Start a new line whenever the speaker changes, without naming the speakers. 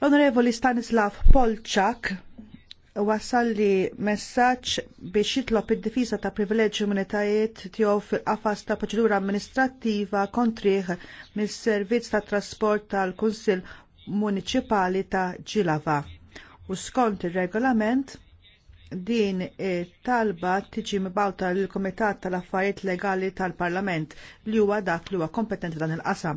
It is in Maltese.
L-Onorevoli Stanislav Polczak wasal li messaġġ biex jitlob id difisa ta' privileġi monetajiet tiegħu fil-qafas ta' proċedura amministrattiva kontriħ mis-Servizz tat Trasport tal-Kunsill Muniċipali ta' Ġilava. U skont ir-regolament din talba tiġi mibawta lill kumitat tal-Affarijiet Legali tal-Parlament li huwa dak li huwa kompetenti dan il-qasam.